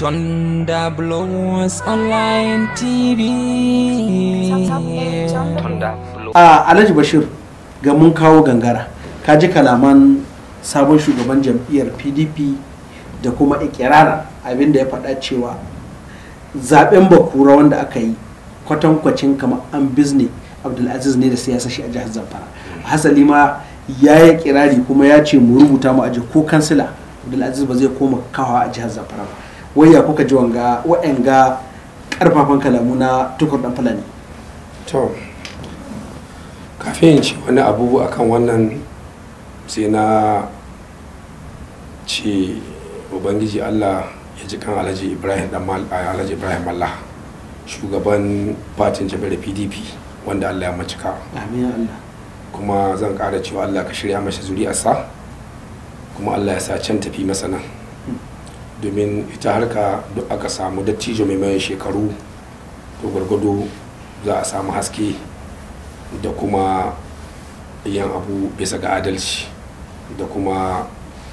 Thunder Blows Online TV. Ah, Alhaji Bashir ga mun kawo gangara, ka ji kalaman sabon shugaban jam'iyyar PDP da kuma ikirara abinda ya faɗa cewa zaben bakura wanda aka yi kwatankwacin kama an bizne abdulaziz ne da siyasa shi a jihar zamfara hasali ma ya yi kirari kuma ya ce mu rubuta mu aje ko kansila abdulaziz ba zai koma kawa a jihar zamfara ba ya kuka ji wanga ga karfafan kalamu na tukur dan fulani to kafin ci wani abu akan wannan sai na ce ubangiji allah ya ji kan alhaji ibrahim eh, alhaji ibrahim allah shugaban fatin jami'ar pdp wanda allah ya macika kuma zan kara cewa allah ka shirya mashi zuri'arsa kuma allah ya sa can tafi masa nan domin ita harka duk aka samu dattijo mai mayan shekaru to gwargwado za a samu haske da kuma yan abu bisa ga adalci da kuma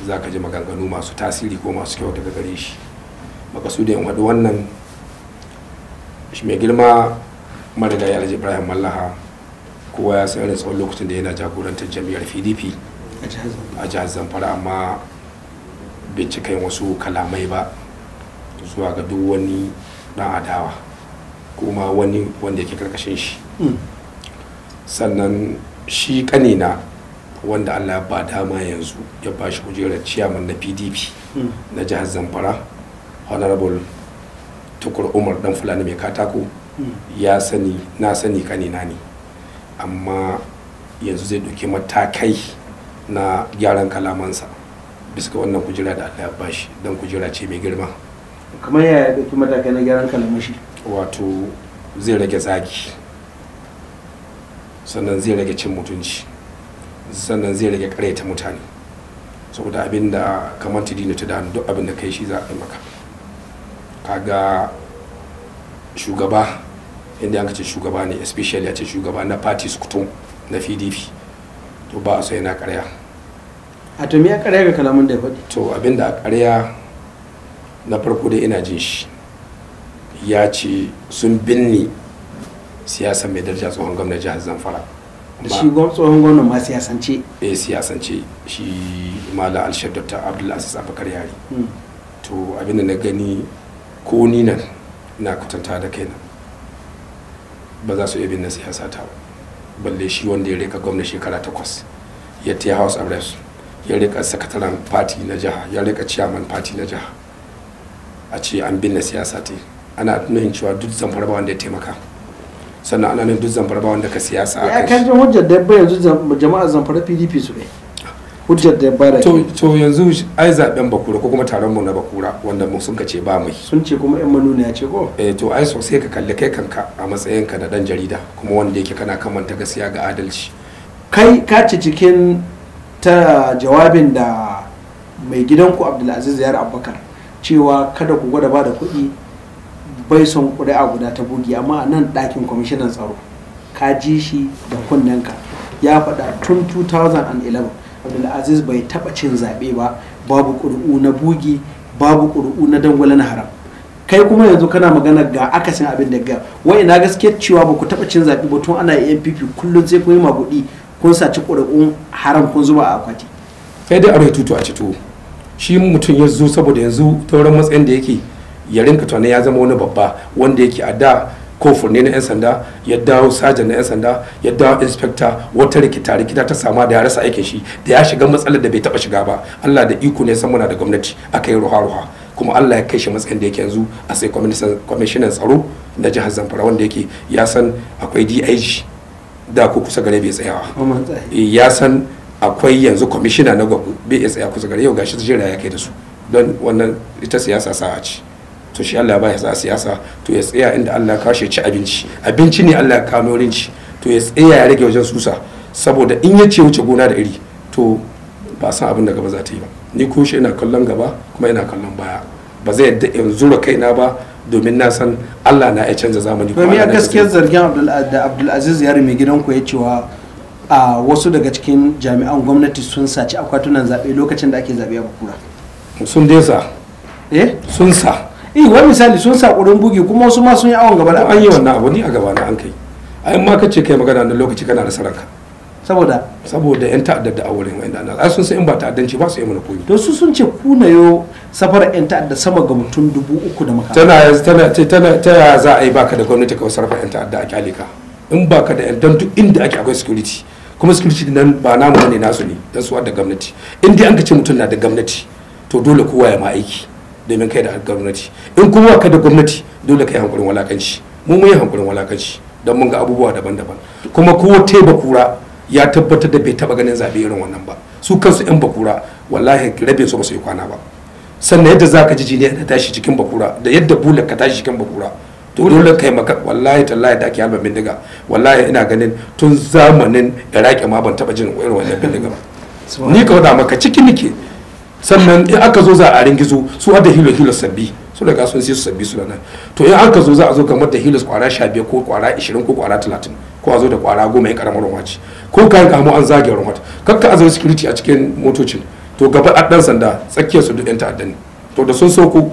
za ka ji maganganu masu tasiri ko masu kyau daga gare shi makasudin wadu wannan shi mai girma marigayi alhaji ibrahim mallaha kowa ya san irin tsawon lokacin da yana jagorantar jami'ar pdp a jihar zamfara amma bai wasu kalamai ba zuwa ga duk wani dan adawa kuma wani wanda yake karkashin shi hmm. sannan shi kanina wanda allah ba dama yanzu ya ba shi kujerar ciyaman na pdp hmm. na jihar zamfara honorable tukur umar dan fulani mai katako hmm. ya sani na sani kanina ne amma yanzu zai ɗauki matakai na gyaran kalamansa bisa ga wannan kujera da Allah ya bashi don kujera ce mai girma kamar ya ya matakai na gyaran kalmashi wato zai rage tsaki sannan zai rage cin mutunci sannan zai rage ta mutane saboda abin da kamar tidina ta da duk abin da kai shi za a yi maka kaga shugaba inda yanka ce shugaba ne especially a ce shugaba na party kutum na pdp to ba a so yana karya a to me ya karya ga kalamun da ya faɗi to abinda a karya na farko da ina jin shi ya ce sun binne siyasan mai daraja tsohon gwamnan jihar zamfara da shi tsohon gwamnan ma siyasance eh siyasance shi mala alshar dr abdul aziz abakar yari hmm. to abinda na gani ko ni nan na kutanta da kaina ba za su iya binne siyasa ta ba balle shi wanda ya rika gwamna shekara takwas ya taya house arrest ya rika sakataren fati na jiha ya rika ciyaman fati na jiha a ce an binne siyasa te ana nuhin cewa duk zamfara ba wanda ya taimaka sannan ana nuhin duk zamfara ba wanda ka siyasa a kan jin hujjar da ya yanzu jama'a zamfara pdp su ne hujjar da ya bada to yanzu ai zaben bakura ko kuma taron mu na bakura wanda mu sun ce ba mai sun ce kuma yan manuna ya ce ko eh to ai sosai ka kalli kai kanka a matsayin ka na dan jarida kuma wanda yake kana kamanta gaskiya ga adalci kai ka ci cikin ta jawabin da mai gidanku abdulaziz yar abubakar cewa kada ku gwada ba da kuɗi bai son ƙuri'a guda ta bugi amma a nan ɗakin kwamishinan tsaro ka ji shi da kunnenka ya faɗa tun 2011 abdulaziz bai taɓa cin zaɓe ba babu ƙuri'u na bugi babu ƙuri'u na dangwale na haram kai kuma yanzu kana magana ga akasin abin da ga wai na gaskiya cewa ba ku taɓa cin zaɓe ba tun ana yi npp kullum sai kun yi maguɗi kun saci ƙuri'un haram kun zuba a akwati sai dai arai tutu a ci tuwo shi mutum ya zo saboda yanzu tauran matsayin da yake ya rinka tunanin ya zama wani babba wanda yake a da kofur ne na 'yan sanda ya dawo sajan na 'yan sanda ya dawo inspector wata rikita rikita ta sama da ya rasa aikin shi da ya shiga matsalar da bai taba shiga ba Allah da iko ne san muna da gwamnati aka yi ruha ruha kuma Allah ya kai shi matsayin da yake yanzu a sai kwamishinan tsaro na jihar Zamfara wanda yake ya san akwai DIG da ko kusa gare bai tsayawa eh, ya san akwai yanzu kwamishina na gwabu bai iya tsaya kusa gare yau gashi jira ya kai da su don wannan ita siyasa sa'a ci to shi Allah ba ya sa siyasa to ya tsaya inda Allah ka shi ci abinci abinci ne Allah ya norin ci to ya tsaya ya rage wajen susa saboda in ya ce wuce gona da iri to ba san abin da gaba za ta yi ba ni kushe ina kallon gaba kuma ina kallon baya ba zai yadda in zura kaina ba domin na san Allah na ya canza zamani kuma ya gaskiyar zargin Abdulaziz Yari gidan gidanku ya cewa a wasu daga cikin jami'an gwamnati sun saci akwatunan zaɓe lokacin da ake zaɓe a Bakura sun dai sa eh sun sa eh wa misali sun sa ƙurin bugi kuma wasu ma sun yi awon gaba da an yi wannan abu ni a gaba na an kai a ma ka ce kai magana na lokaci kana da saranka saboda saboda yan ta'adda da awurin wa'in da Allah sun san in ba ta'addanci ba su yi mana koyi to su sun ce kunayo safarar yan ta'adda sama ga mutum dubu uku da maka tana tana tana ta ya za a yi baka da gwamnati kawai sarrafa yan ta'adda a kyale ka in baka da yan dan duk inda ake akwai security kuma security nan ba namu ne nasu ne dan su da gwamnati in dai an ka ce mutum na da gwamnati to dole kowa ya ma aiki domin kai da gwamnati in kuma ka da gwamnati dole kai hankulin walakanci mu mun yi hankulin walakanci don mun ga abubuwa daban-daban kuma kowa teba kura ya tabbatar da bai taba ganin zabe irin wannan ba su kansu 'yan bakura wallahi rabe su ba su yi kwana ba sannan yadda zaka ka ji jini da tashi cikin bakura da yadda bula ka tashi cikin bakura to dole kai maka wallahi tallahi da ake halba bindiga wallahi ina ganin tun zamanin iraki ma ban taba jin irin wannan bindiga ba ni ka wada maka ciki nike sannan in aka zo za a ringizo su hada hilo hilo sabbi su da kasuwan sai su sabbi su nan to in an ka zo za a zo kamar da hilas kwara sha biyu ko kwara ishirin ko kwara talatin ko a zo da kwara goma yan karamar ruwa ce ko kayan kamo an zage ruwa kakka a zo security a cikin motocin to gaba a dan sanda tsakiyar su duk yan ta'adda ne to da sun sauko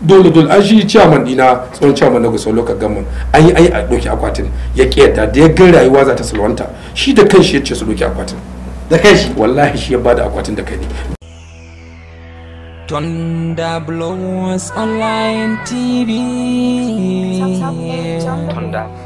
dole dole an shi chairman dina tsohon chairman na gusau lokacin gamman an yi an yi a doki akwatin ya kiyarta da ya ga rayuwa za ta salwanta shi da kanshi ya ce su doki akwatin da kai shi wallahi shi ya bada akwatin da kai ne Thunder Online TV. Thunder.